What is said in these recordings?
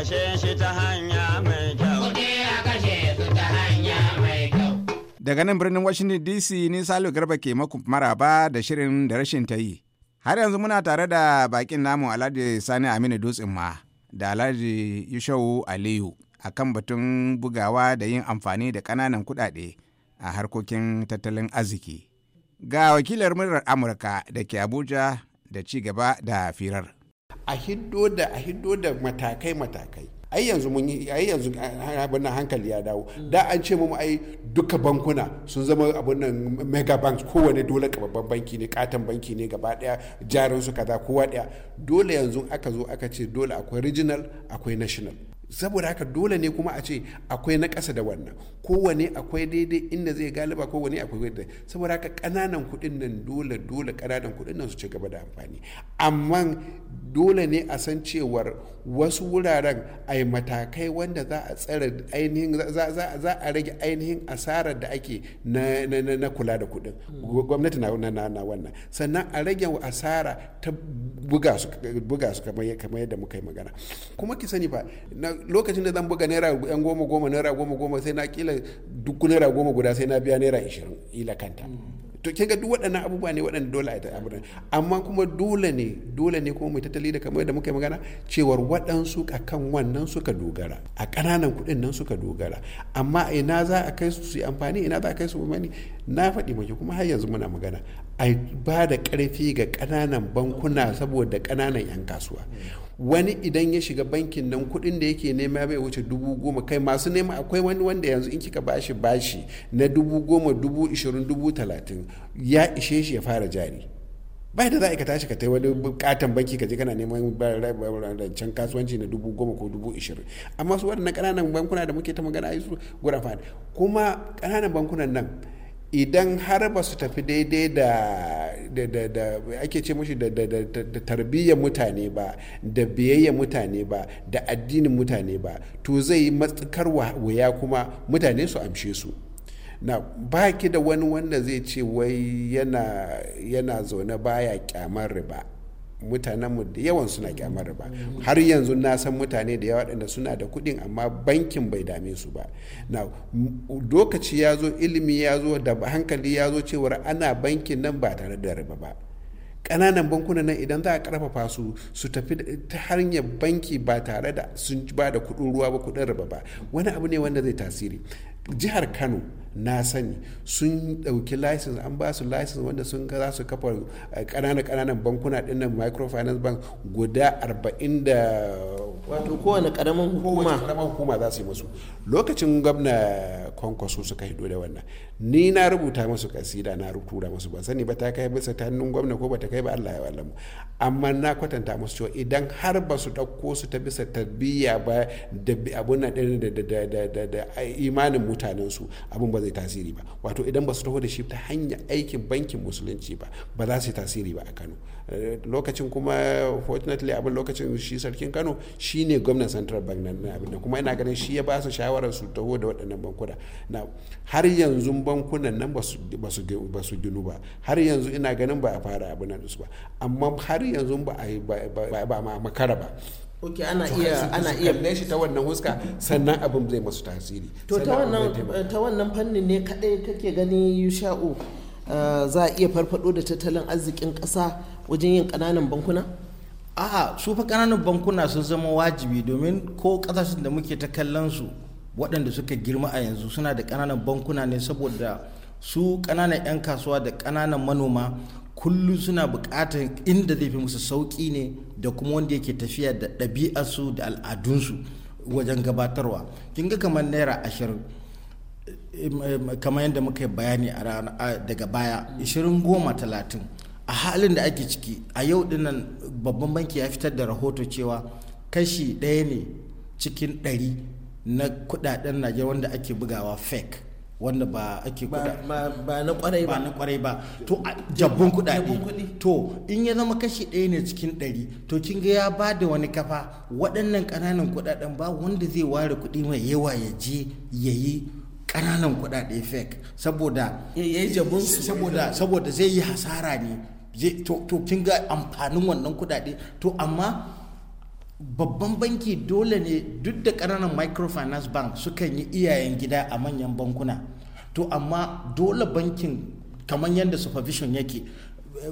kashe shi ta hanya mai kyau. a kashe su ta hanya mai kyau. Daga nan birnin Washington DC ni Salo Garba ke maku maraba da shirin da rashin ta yi. Har yanzu muna tare da bakin namu Alhaji Sani Aminu Dutsen ma da Alhaji Yushau Aliyu a kan batun bugawa da yin amfani da ƙananan kuɗaɗe a harkokin tattalin arziki. Ga wakilar murar Amurka da ke Abuja da ci gaba da firar. a hiddo da a hiddo da matakai matakai ai yanzu mun ai yanzu abin nan hankali ya dawo da an ce mu ai duka bankuna sun zama abin nan mega banks kowane dole babban banki ne katon banki ne gaba daya jarin su kaza kowa daya dole yanzu aka zo aka ce dole akwai regional akwai national saboda haka dole ne kuma a ce akwai na ƙasa da wannan kowane akwai daidai inda zai galiba kowane akwai daidai saboda haka ƙananan kuɗin nan dole dole ƙananan kuɗin nan su ci gaba da amfani amma dole ne a san cewar wasu wuraren a yi matakai wanda za a tsare ainihin za a rage ainihin asarar da ake na kula da kuɗin gwamnati na wannan sannan a rage asara ta buga su kamar yadda muka yi magana kuma ki sani ba lokacin da zan buga naira yan goma goma naira goma goma sai na kila duk naira goma guda sai na biya naira ishirin ila kanta to kin ga duk waɗannan abubuwa ne waɗanda dole a abin amma kuma dole ne dole ne kuma mai tattali da kamar da muka yi magana cewar waɗansu a kan wannan suka dogara a ƙananan kuɗin nan suka dogara amma ina za a kai su su yi amfani ina za a kai su mani na faɗi maki kuma har yanzu muna magana a ba da ƙarfi ga ƙananan bankuna saboda ƙananan 'yan kasuwa wani idan ya shiga bankin nan kuɗin da yake nema bai wuce dubu goma kai masu nema akwai wani wanda yanzu in kika bashi bashi na dubu goma dubu ishirin dubu talatin ya ishe shi ya fara jari bai da za ka tashi ka tai wani bukatan banki ka je kana neman rancen kasuwanci na dubu goma ko dubu ishirin amma su waɗannan ƙananan bankuna da muke ta magana a yi su gurafa kuma ƙananan bankunan nan idan har ba su tafi daidai da ake ce mushi da tarbiyyar mutane ba da biyayyar mutane ba da addinin mutane ba to zai yi matsakar wuya kuma mutane su amshe su na baki da wani wanda zai ce wai yana zaune baya kyamar riba mutanenmu da yawan suna kyamar riba har yanzu na san mutane da yawa waɗanda suna da kuɗin amma bankin bai dame su ba na lokaci ya zo ilimi ya zo da hankali ya zo cewar ana bankin nan ba tare da riba ba ƙananan bankuna nan idan za a ƙarfafa su su tafi ta hanyar banki ba tare da sun ba da kuɗin ruwa ba kuɗin riba ba wani abu ne wanda zai tasiri jihar kano na sani sun dauki license an ba su license wanda sun za su kafa kananan eh, kananan bankuna dinnan microfinance bank guda 40 da wato kowane karamin hukuma karamin hukuma za su yi musu lokacin gwamna kwankwaso suka hido da wannan ni na rubuta musu kasida na rutura musu ban sani ba ta kai bisa ta hannun gwamna ko ba ta kai ba Allah ya wallamu amma na kwatanta musu cewa idan har ba su dauko su ta bisa tarbiyya ba da abun da imanin mutanensu abin ba zai tasiri ba wato idan ba su taho da shi ta hanya aikin bankin musulunci ba ba za su yi tasiri ba a kano eh, lokacin kuma fortunately abin lokacin shi sarkin kano shi ne gwamnan central bank na abin kuma ina ganin shi ya ba su shawarar su taho da waɗannan bankuna na har yanzu bankunan nan ba su ginu ba har yanzu ina ganin ba a fara abin nan su ba amma har yanzu ba a makara ba ok ana iya ana iya kalle shi ta wannan huska sannan abin zai masu tasiri to ta wannan ta wannan fannin ne kadai kake gani yusha'u eh, za a iya farfado da tattalin arzikin kasa wajen yin ƙananan bankuna a'a su fa ƙananan bankuna sun zama wajibi domin ko ƙasashen da muke ta kallon su waɗanda suka girma a yanzu suna da ƙananan bankuna ne saboda su ƙananan 'yan kasuwa da ƙananan manoma kullum suna buƙatar inda zai fi musu sauƙi ne da kuma wanda yake tafiya da ɗabi'arsu da al'adunsu wajen gabatarwa kin ga kamar naira ashirin eh, eh, eh, kamar yadda muka yi bayani daga baya ashirin goma talatin a halin da ake ciki a yau dinnan babban banki ya fitar da rahoto cewa kashi ɗaya ne cikin ɗari na kudaden najeriya wanda ake bugawa fake wanda ba ake kuɗa ba na kwarai ba na kwarai ba to jabbun kuɗaɗe to in ya zama kashi ɗaya ne cikin ɗari to kin ga ya ba da wani kafa waɗannan ƙananan kudaden ba wanda zai ware kuɗi mai yawa ya je ya yi ƙananan kudade fake saboda ya yi jabbun saboda saboda zai yi hasara ne to kin ga amfanin wannan kudade to amma babban banki dole ne duk da ƙananan microfinance bank sukan yi iyayen gida a manyan bankuna to amma dole bankin kamar yadda supervision yake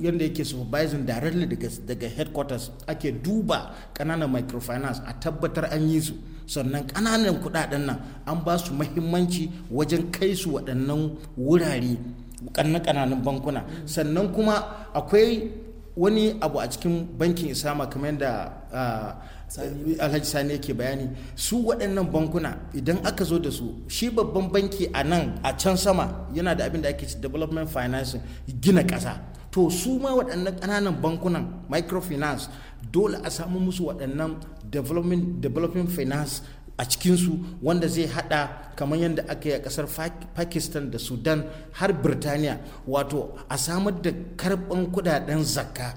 yadda yake supervising directly daga, daga headquarters ake duba ƙananan microfinance a tabbatar an yi su sannan ƙananan kuɗaɗen nan an ba su mahimmanci wajen kai su waɗannan wurare ƙananan bankuna sannan kuma akwai wani abu a cikin bankin isama kamar yadda ah, alhaji sani yake bayani su waɗannan bankuna idan aka zo da su shi babban banki a nan a can sama yana da abin da ake ci development financing gina ƙasa to su ma waɗannan ƙananan bankunan microfinance dole a samu musu waɗannan development finance a cikinsu wanda zai hada kamar yadda aka yi a kasar pakistan da sudan har birtaniya wato a samar da karban kudaden zakka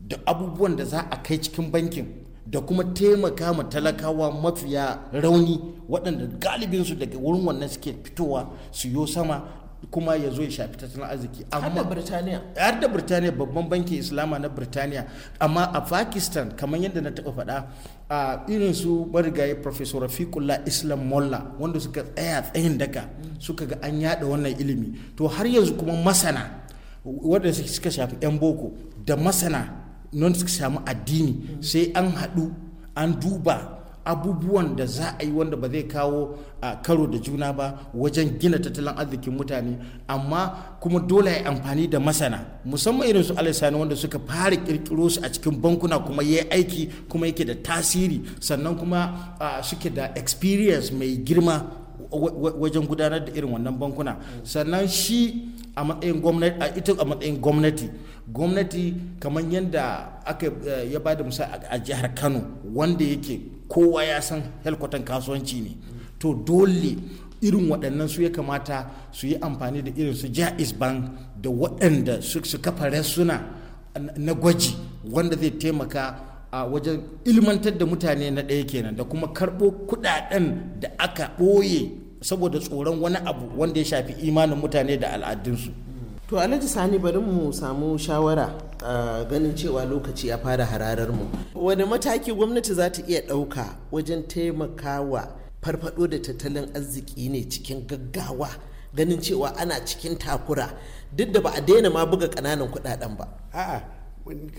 da abubuwan da za a kai cikin bankin da kuma taimaka ma talakawa mafiya rauni waɗanda galibinsu daga wurin wannan suke fitowa su yo sama kuma ya zo ya shafi tattalin arziki amma Birtaniya har da Birtaniya babban bankin Islama na Birtaniya amma a Pakistan kamar yadda na taba faɗa a irin su marigayi Professor Rafiqullah Islam Molla wanda suka tsaya tsayin daka suka ga an yada wannan ilimi to har yanzu kuma masana wanda suka shafi 'yan boko da masana non suka samu addini sai an haɗu an duba abubuwan da za a yi wanda ba zai kawo a karo da juna ba wajen gina tattalin arzikin mutane amma kuma dole ya amfani da masana musamman irin su alisani wanda suka fara kirkiro su a cikin bankuna kuma ya aiki kuma yake da tasiri sannan kuma suke da experience mai girma wajen gudanar da irin wannan bankuna sannan shi a matsayin gwamnati a ita a matsayin gwamnati gwamnati kamar yadda aka eh, ya bada misali a jihar Kano wanda yake kowa ya san helkwatan kasuwanci ne to dole irin waɗannan su ya kamata su yi amfani da irin su jais bank da waɗanda su kafa resuna na gwaji wanda zai taimaka a wajen ilmantar da mutane na ɗaya kenan da kuma karɓo kuɗaɗen da aka ɓoye saboda tsoron wani abu wanda ya shafi imanin mutane da al'adunsu to alhaji sani bari mu samu shawara ganin cewa lokaci ya fara hararar mu wani mataki gwamnati za ta iya ɗauka wajen taimakawa farfado da tattalin arziki ne cikin gaggawa ganin cewa ana cikin takura duk da ba a daina ma buga ƙananan kuɗaɗen ba a'a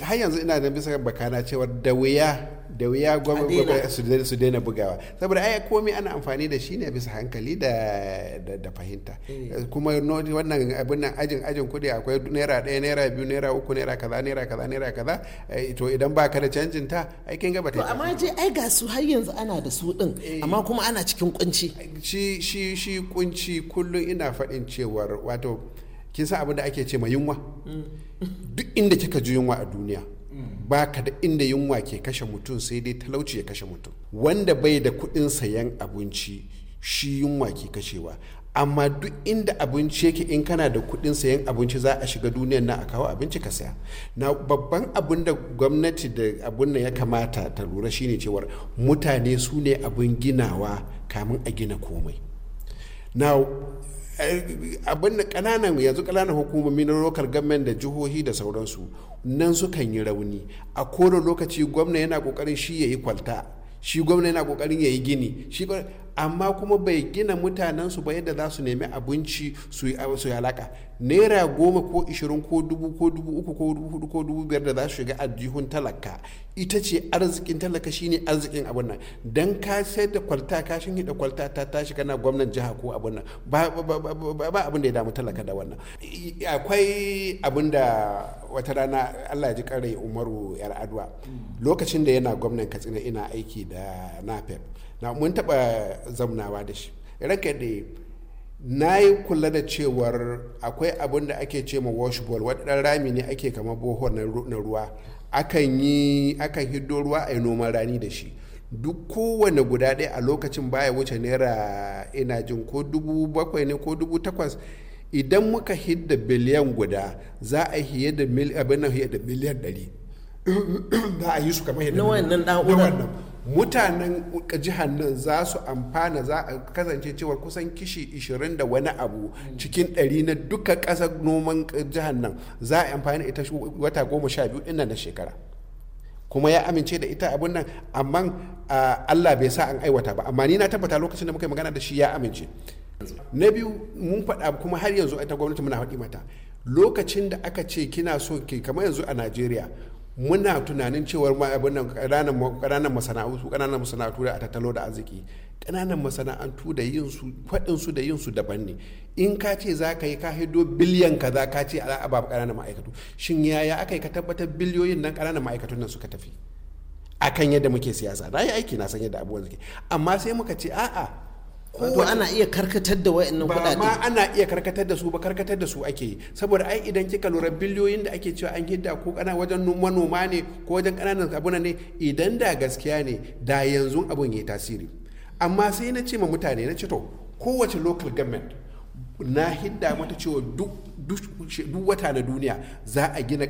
har yanzu ina da bisa bakana cewa da wuya da wuya gwamnati su daina bugawa saboda ai komai ana amfani da shi ne bisa hankali da fahimta eh. kuma wannan abin nan ajin ajin kudi akwai naira ɗaya naira biyu naira uku naira kaza naira kaza naira kaza eh, to idan ba ka da canjin ta ai kin gaba ta amma je ai ga su har yanzu ana da su din eh. amma kuma ana cikin kunci shi shi shi kunci kullum ina faɗin cewar wato kin san abin da ake ce ma yunwa duk inda kika ji yunwa a duniya baka da inda yunwa ke kashe mutum sai dai talauci ya kashe mutum wanda bai da kuɗin sayan abinci shi yunwa ke kashewa amma duk inda abinci yake in kana da kuɗin sayan abinci za a shiga duniyar na a kawo abinci ka saya na babban abin da gwamnati da abin ya kamata ta lura shine cewar mutane su ne abin ginawa kamin a gina komai na abin kananan yanzu kananan hukumomi na lokal gamen da jihohi da sauransu nan sukan yi rauni a kowane lokaci gwamna yana kokarin shi ya yi kwalta shi gwamna yana kokarin ya yi gini amma kuma bai gina mutanensu ba yadda za su nemi abinci su yi alaka naira goma ko ishirin ko dubu ko dubu uku ko dubu hudu ko dubu biyar da za su shiga aljihun talaka ita ce arzikin talaka shine arzikin abin nan dan ka sayar da kwalta ka shin da kwalta ta tashi kana gwamnan jiha ko abin nan ba abin da ya damu talaka da wannan akwai abin da wata rana Allah ya ji kare Umaru yar adwa lokacin da yana gwamnan Katsina ina aiki da NAPEP na mun taba zamnawa da shi raka na yi kula da cewar akwai abin da ake ce ma washball waɗannan rami ne ake kama bohol na ruwa akan yi akan hiddo ruwa a yi noman rani da shi duk kowane guda ɗaya a lokacin baya wuce naira ina jin ko dubu bakwai ne ko dubu takwas idan muka hidda biliyan guda za a hiye da abin da biliyan ɗari za a yi su kamar yadda na wannan wannan mutanen jihar nan za su amfana za a kasance cewa kusan kishi 20 da wani abu cikin 100 na duka ƙasar noman jihar nan za a amfani ita wata goma sha biyu ina na shekara kuma ya amince da ita abun nan amma Allah bai sa an aiwata ba amma ni na tabbata lokacin da muka yi magana da shi ya amince na biyu mun faɗa kuma har yanzu ita gwamnati muna faɗi mata lokacin da aka ce kina so ke kamar yanzu a Najeriya muna tunanin cewar ma abin nan ƙananan masana'antu ƙananan masana'antu da a tattalo da arziki ƙananan masana'antu da yin su faɗin su da yin su daban ne in ka ce za ka yi ka hido biliyan ka za ka ce a ba ƙananan ma'aikatu shin yaya aka yi ka tabbatar biliyoyin nan ƙananan ma'aikatun nan suka tafi akan yadda muke siyasa na yi aiki na san yadda abubuwan suke amma sai muka ce a'a ko ana iya karkatar da wayannan kuɗaɗe ba ma ana iya karkatar da su ba karkatar da su ake yi saboda ai idan kika lura biliyoyin da ake cewa an hidda ko kana wajen manoma ne ko wajen kananan abuna ne idan da gaskiya ne da yanzu abun yayi tasiri amma sai na ce ma mutane na ce to kowace local government na hidda mata cewa duk wata na duniya za a gina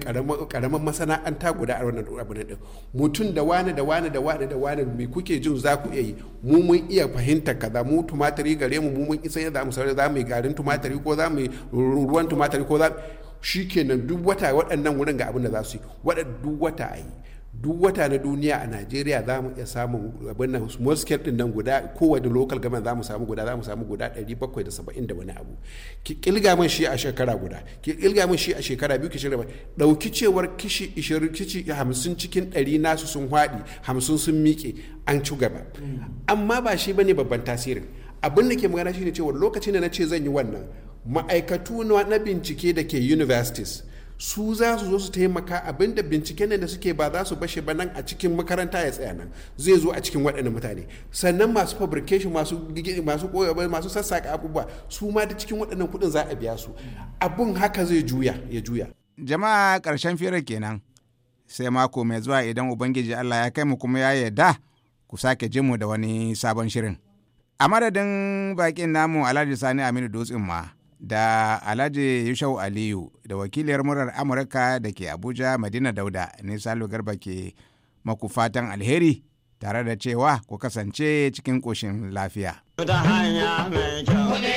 karamar masana'anta guda a wannan abu na din mutum da wani da wani da wani da wani me kuke jin za ku iya yi mu mun iya fahimta kaza mu tumatiri gare mu mu mun isa yadda mu sarrafa za mu yi garin tumatiri ko za mu yi ruwan tumatiri ko za shi kenan duk wata waɗannan wurin ga abin da za su yi waɗanda duk wata a yi duk wata na duniya a najeriya za mu iya samun abin nan small scale din nan guda kowane local gama za mu samu guda za mu samu guda 770 da wani abu ki kilga min shi a shekara guda ki kilga min shi a shekara biyu ki shirya dauki cewar kishi 20 kici 50 cikin 100 nasu sun hwadi 50 sun miƙe an ci gaba amma ba shi bane babban tasirin abin da ke magana shine cewa lokacin da na ce zan yi wannan ma'aikatu na bincike da ke universities su za su zo su taimaka abinda bincike ne da suke ba za su bashe ba nan a cikin makaranta ya tsaya nan zai zo a cikin waɗannan mutane sannan masu fabrication masu masu masu sassaƙa abubuwa su ma da cikin waɗannan kuɗin za a biya su abun haka zai juya ya juya jama'a karshen firar kenan sai mako mai zuwa idan ubangiji Allah ya kai mu kuma ya yarda ku sake jin mu da wani sabon shirin a madadin bakin namu Alhaji Sani Aminu Dutsin ma da Alhaji Yushau Aliyu da wakiliyar murar amurka da ke abuja madina dauda ne salo garba ke maku fatan alheri tare da cewa ku kasance cikin ƙoshin lafiya. Kuda hanya mai